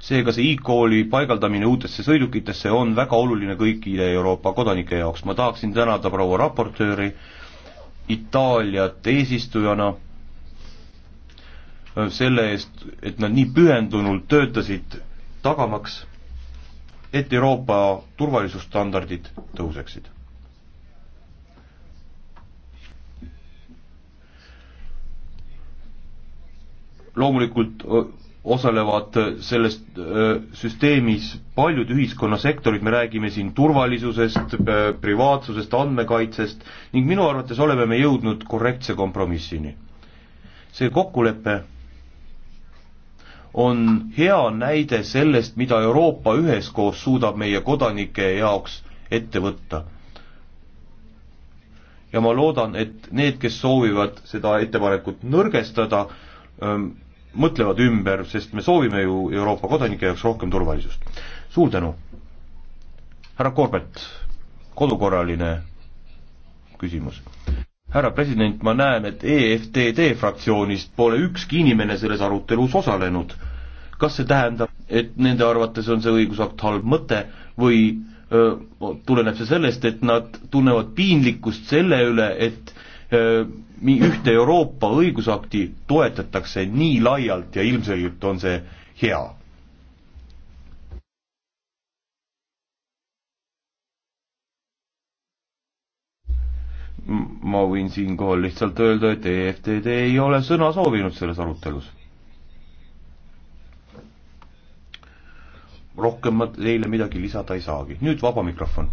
seega see e-kooli paigaldamine uutesse sõidukitesse on väga oluline kõikide Euroopa kodanike jaoks. ma tahaksin tänada proua raportööri, Itaaliat eesistujana selle eest, et nad nii pühendunult töötasid tagamaks, et Euroopa turvalisusstandardid tõuseksid. loomulikult osalevad selles süsteemis paljud ühiskonnasektorid, me räägime siin turvalisusest, privaatsusest, andmekaitsest ning minu arvates oleme me jõudnud korrektse kompromissini. see kokkulepe on hea näide sellest, mida Euroopa üheskoos suudab meie kodanike jaoks ette võtta. ja ma loodan, et need, kes soovivad seda ettepanekut nõrgestada, mõtlevad ümber, sest me soovime ju Euroopa kodanike jaoks rohkem turvalisust. suur tänu! härra Korbet, kodukorraline küsimus. härra president, ma näen, et EFTD fraktsioonist pole ükski inimene selles arutelus osalenud. kas see tähendab, et nende arvates on see õigusakt halb mõte või öö, tuleneb see sellest, et nad tunnevad piinlikkust selle üle, et öö, ühte Euroopa õigusakti toetatakse nii laialt ja ilmselgelt on see hea. ma võin siinkohal lihtsalt öelda, et EFTD ei ole sõna soovinud selles arutelus. rohkem ma teile midagi lisada ei saagi, nüüd vaba mikrofon.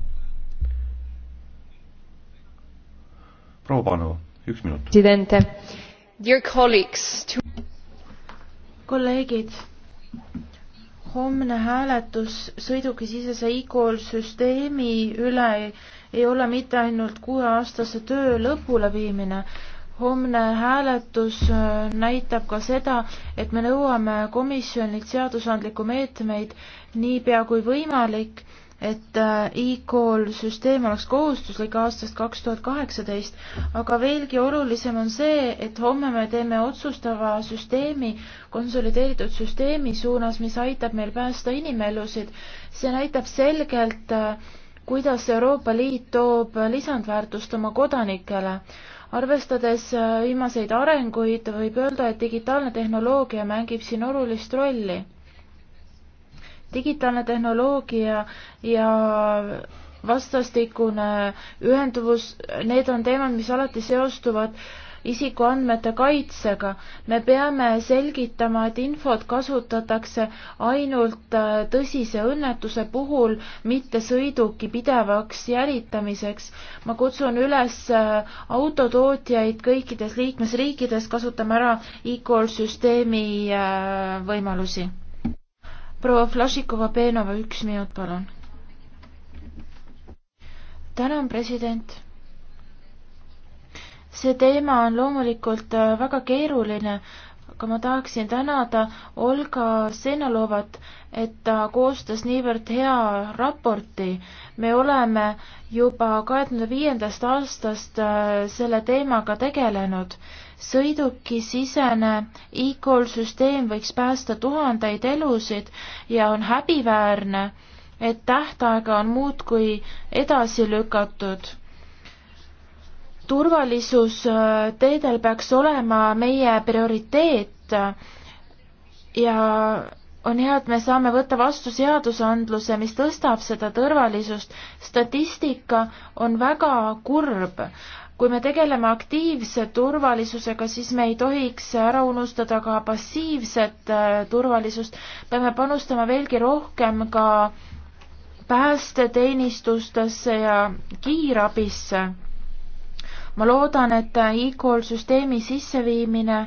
proua Panova üks minut. kolleegid, homne hääletus sõidukisisese e-koolsüsteemi üle ei ole mitte ainult kuueaastase töö lõpuleviimine, homne hääletus äh, näitab ka seda, et me nõuame komisjonilt seadusandlikku meetmeid niipea kui võimalik et äh, e-call süsteem oleks kohustuslik aastast kaks tuhat kaheksateist, aga veelgi olulisem on see, et homme me teeme otsustava süsteemi, konsolideeritud süsteemi suunas, mis aitab meil päästa inimelusid. see näitab selgelt, äh, kuidas Euroopa Liit toob lisandväärtust oma kodanikele arvestades äh, viimaseid arenguid, võib öelda, et digitaalne tehnoloogia mängib siin olulist rolli digitaalne tehnoloogia ja vastastikune ühenduvus, need on teemad, mis alati seostuvad isikuandmete kaitsega. me peame selgitama, et infot kasutatakse ainult äh, tõsise õnnetuse puhul, mitte sõiduki pidevaks jälitamiseks. ma kutsun üles äh, autotootjaid kõikides liikmesriikides kasutama ära e-call süsteemi äh, võimalusi proua Flašikova-Peenova, üks minut, palun. tänan, president see teema on loomulikult äh, väga keeruline, aga ma tahaksin tänada Olga Senalovat, et ta koostas niivõrd hea raporti. me oleme juba kahe tuhande viiendast aastast äh, selle teemaga tegelenud sõidukisisene e-call süsteem võiks päästa tuhandeid elusid ja on häbiväärne, et tähtaega on muudkui edasi lükatud. turvalisus äh, teedel peaks olema meie prioriteet ja on hea, et me saame võtta vastu seadusandluse, mis tõstab seda turvalisust. statistika on väga kurb kui me tegeleme aktiivse turvalisusega, siis me ei tohiks ära unustada ka passiivset äh, turvalisust. peame panustama veelgi rohkem ka päästeteenistustesse ja kiirabisse. ma loodan, et äh, e-call süsteemi sisseviimine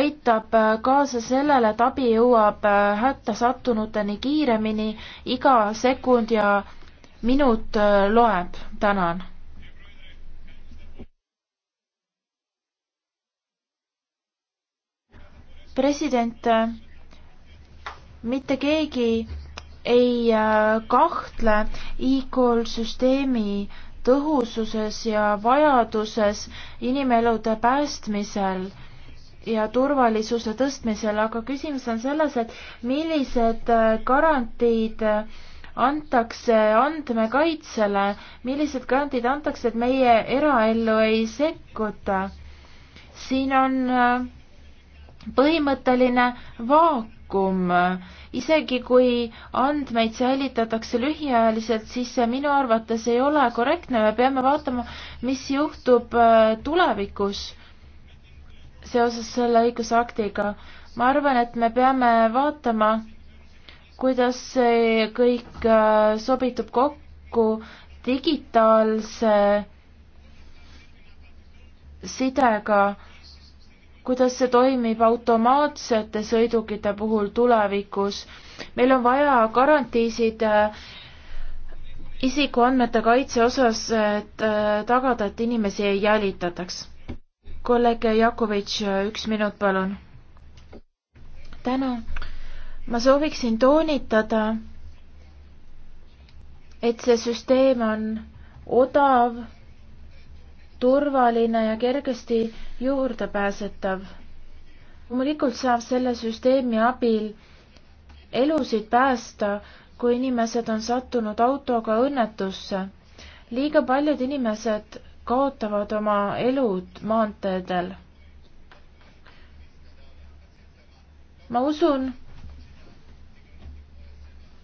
aitab äh, kaasa sellele, et abi jõuab hätta sattunuteni kiiremini iga sekund ja minut äh, loeb, tänan. president, äh, mitte keegi ei äh, kahtle e-call süsteemi tõhususes ja vajaduses inimelude päästmisel ja turvalisuse tõstmisel, aga küsimus on selles, et millised garantiid äh, antakse andmekaitsele, millised grandid antakse, et meie eraellu ei sekkuta. siin on äh, põhimõtteline vaakum, isegi kui andmeid säilitatakse lühiajaliselt, siis see minu arvates ei ole korrektne, me peame vaatama, mis juhtub äh, tulevikus seoses selle õigusaktiga. ma arvan, et me peame vaatama, kuidas see kõik äh, sobitub kokku digitaalse sidega, kuidas see toimib automaatsete sõidukite puhul tulevikus. meil on vaja garantiisid äh, isikuandmete kaitse osas, et äh, tagada, et inimesi ei jälitataks. kolleeg Jakovitš, üks minut, palun. tänan ma sooviksin toonitada, et see süsteem on odav, turvaline ja kergesti juurdepääsetav. loomulikult saab selle süsteemi abil elusid päästa, kui inimesed on sattunud autoga õnnetusse. liiga paljud inimesed kaotavad oma elud maanteedel. ma usun,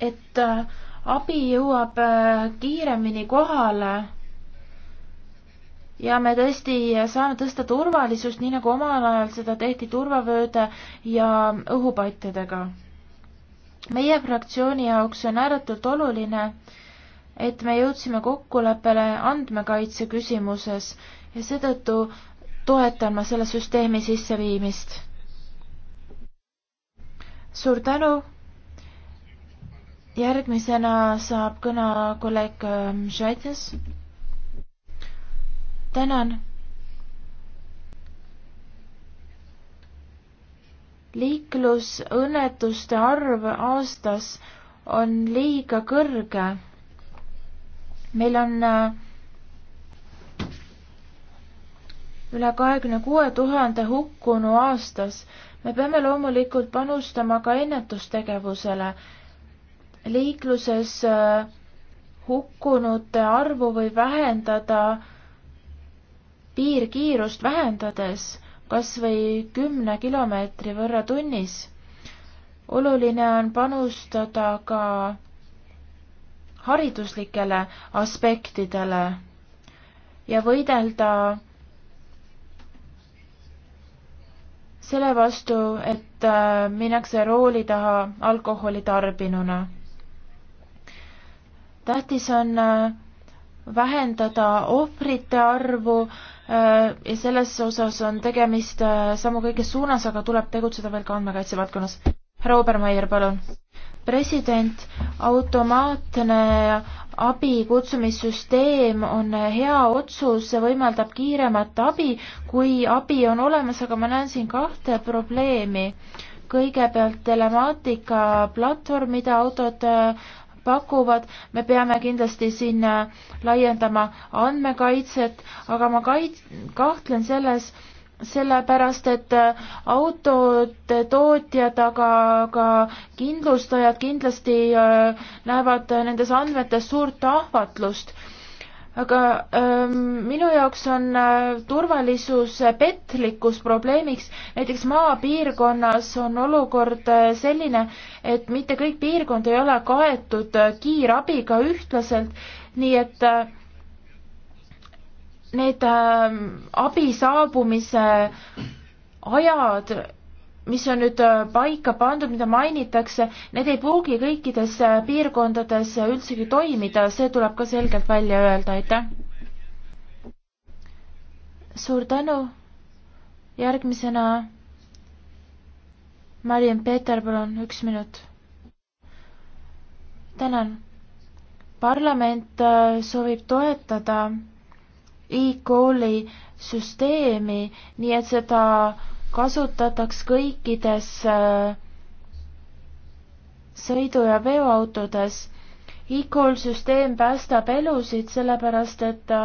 et äh, abi jõuab äh, kiiremini kohale ja me tõesti saame tõsta turvalisust, nii nagu omal ajal seda tehti turvavööde ja õhupatjadega. meie fraktsiooni jaoks on ääretult oluline, et me jõudsime kokkuleppele andmekaitse küsimuses ja seetõttu toetan ma selle süsteemi sisseviimist. suur tänu järgmisena saab kõna kolleeg ähm, Šveitsis. tänan. liiklusõnnetuste arv aastas on liiga kõrge. meil on äh, üle kahekümne kuue tuhande hukkunu aastas. me peame loomulikult panustama ka ennetustegevusele liikluses äh, hukkunute arvu võib vähendada piirkiirust vähendades kas või kümne kilomeetri võrra tunnis. oluline on panustada ka hariduslikele aspektidele ja võidelda selle vastu, et äh, minnakse rooli taha alkoholi tarbinuna tähtis on äh, vähendada ohvrite arvu äh, ja selles osas on tegemist äh, sammu kõiges suunas, aga tuleb tegutseda veel ka andmekaitse valdkonnas. härra Obermeier, palun. president, automaatne abikutsumissüsteem on hea otsus, see võimaldab kiiremat abi, kui abi on olemas, aga ma näen siin kahte probleemi kõigepealt telemaatika platvorm, mida autod pakuvad, me peame kindlasti siin laiendama andmekaitset, aga ma kait-, kahtlen selles, sellepärast et äh, autode tootjad, aga ka kindlustajad kindlasti äh, näevad nendes andmetes suurt ahvatlust aga ähm, minu jaoks on äh, turvalisus äh, petlikkus probleemiks. näiteks maapiirkonnas on olukord äh, selline, et mitte kõik piirkond ei ole kaetud äh, kiirabiga ühtlaselt, nii et äh, need äh, abi saabumise ajad mis on nüüd äh, paika pandud, mida mainitakse, need ei pruugi kõikides äh, piirkondades äh, üldsegi toimida, see tuleb ka selgelt välja öelda, aitäh. suur tänu. järgmisena Mariann Peeter, palun, üks minut. tänan. parlament soovib toetada e-kooli süsteemi, nii et seda kasutataks kõikides äh, sõidu- ja veoautodes. e-call süsteem päästab elusid, sellepärast et ta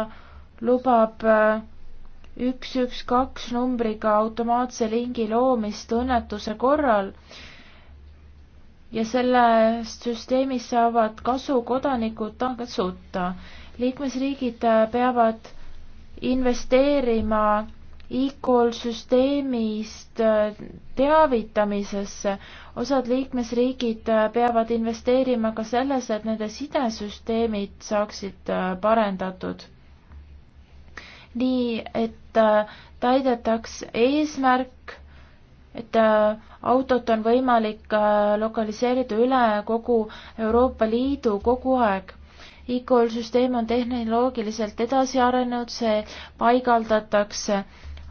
lubab äh, üks, üks, kaks numbriga automaatse lingi loomist õnnetuse korral ja sellest süsteemist saavad kasu kodanikud tasuta. liikmesriigid peavad investeerima e-call süsteemist äh, teavitamisesse. osad liikmesriigid äh, peavad investeerima ka sellesse, et nende sidesüsteemid saaksid äh, parendatud. nii, et täidetaks eesmärk, et autot on võimalik lokaliseerida üle kogu Euroopa Liidu kogu aeg e-call süsteem on tehnoloogiliselt edasi arenenud, see paigaldatakse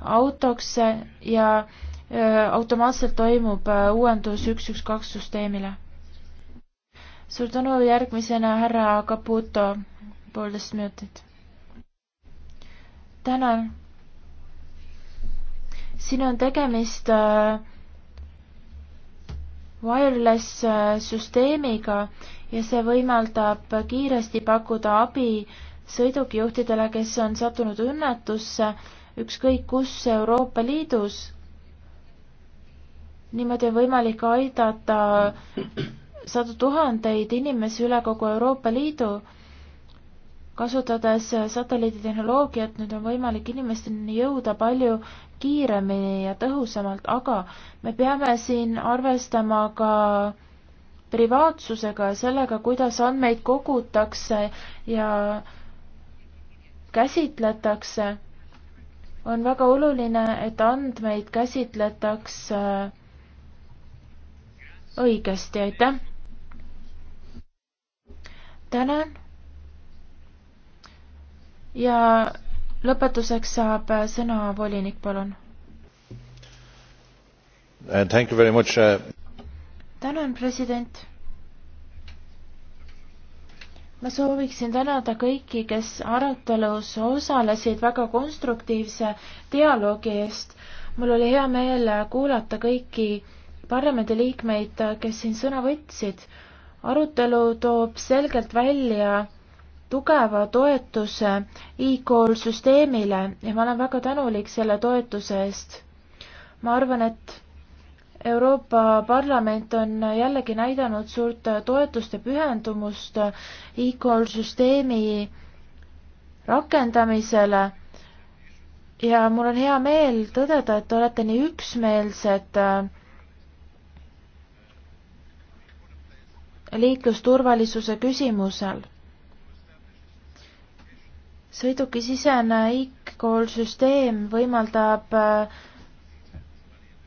autoks ja automaatselt toimub uuendus üks, üks, kaks süsteemile. suur tänu, järgmisena härra Caputo, poolteist minutit. tänan. siin on tegemist wireless süsteemiga ja see võimaldab kiiresti pakkuda abi sõidukijuhtidele, kes on sattunud õnnetusse ükskõik kus Euroopa Liidus. niimoodi on võimalik aidata sadu tuhandeid inimesi üle kogu Euroopa Liidu. kasutades satelliiditehnoloogiat, nüüd on võimalik inimesteni jõuda palju kiiremini ja tõhusamalt, aga me peame siin arvestama ka privaatsusega ja sellega, kuidas andmeid kogutakse ja käsitletakse on väga oluline, et andmeid käsitletaks äh, õigesti, aitäh! tänan! ja lõpetuseks saab sõna volinik, palun. Uh, uh, tänan, president ma sooviksin tänada kõiki, kes arutelus osalesid väga konstruktiivse dialoogi eest. mul oli hea meel kuulata kõiki parlamendiliikmeid, kes siin sõna võtsid. arutelu toob selgelt välja tugeva toetuse e-call süsteemile ja ma olen väga tänulik selle toetuse eest. ma arvan, et Euroopa Parlament on jällegi näidanud suurt toetust ja pühendumust e-call süsteemi rakendamisele ja mul on hea meel tõdeda, et te olete nii üksmeelsed äh, liiklusturvalisuse küsimusel. sõidukisisene e-call süsteem võimaldab äh,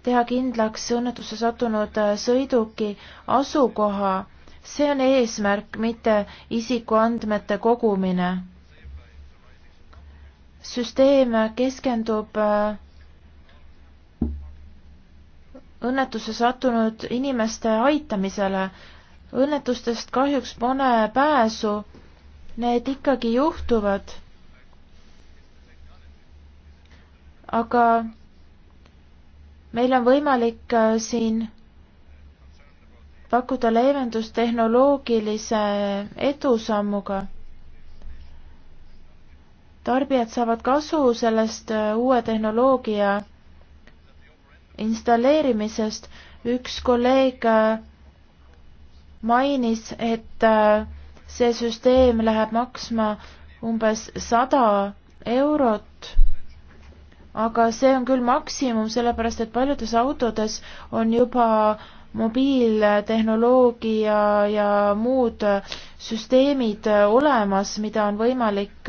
teha kindlaks õnnetusse sattunud äh, sõiduki asukoha. see on eesmärk, mitte isikuandmete kogumine. süsteem keskendub äh, õnnetusse sattunud inimeste aitamisele. õnnetustest kahjuks pole pääsu, need ikkagi juhtuvad. aga meil on võimalik äh, siin pakkuda leevendust tehnoloogilise edusammuga. tarbijad saavad kasu sellest äh, uue tehnoloogia installeerimisest. üks kolleeg äh, mainis, et see süsteem läheb maksma umbes sada eurot aga see on küll maksimum, sellepärast et paljudes autodes on juba mobiiltehnoloogia ja muud süsteemid olemas, mida on võimalik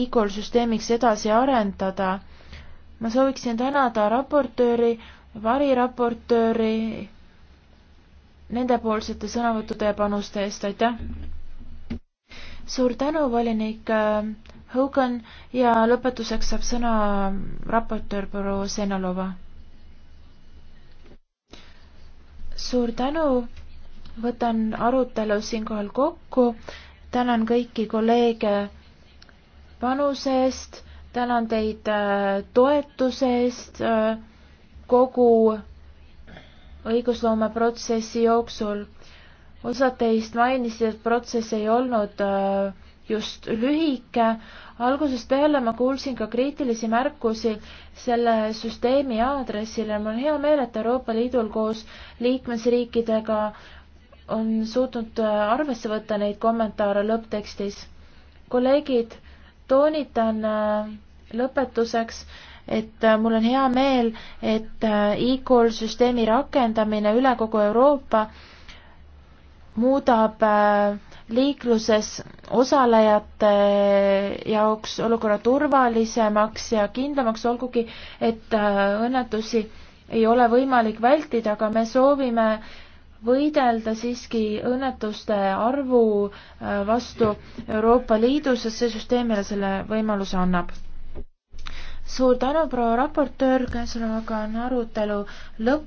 e-call süsteemiks edasi arendada. ma sooviksin tänada raportööri, variraportööri nendepoolsete sõnavõttude ja panuste eest, aitäh! suur tänu, volinik äh, Hogan ja lõpetuseks saab sõna raportöör proua Senalova. suur tänu, võtan arutelu siinkohal kokku, tänan kõiki kolleege panuse eest, tänan teid äh, toetuse eest äh, kogu õigusloomeprotsessi jooksul. osad teist mainisid, et protsess ei olnud äh, just lühike. algusest peale ma kuulsin ka kriitilisi märkusi selle süsteemi aadressile. mul on hea meel, et Euroopa Liidul koos liikmesriikidega on suutnud äh, arvesse võtta neid kommentaare lõpptekstis. kolleegid, toonitan äh, lõpetuseks, et äh, mul on hea meel, et e-call süsteemi rakendamine üle kogu Euroopa muudab liikluses osalejate jaoks olukorra turvalisemaks ja kindlamaks, olgugi et äh, õnnetusi ei ole võimalik vältida, aga me soovime võidelda siiski õnnetuste arvu äh, vastu Euroopa Liidus, sest see süsteem meile selle võimaluse annab. suur tänu, proua raportöör, käesolevaga on arutelu lõpp.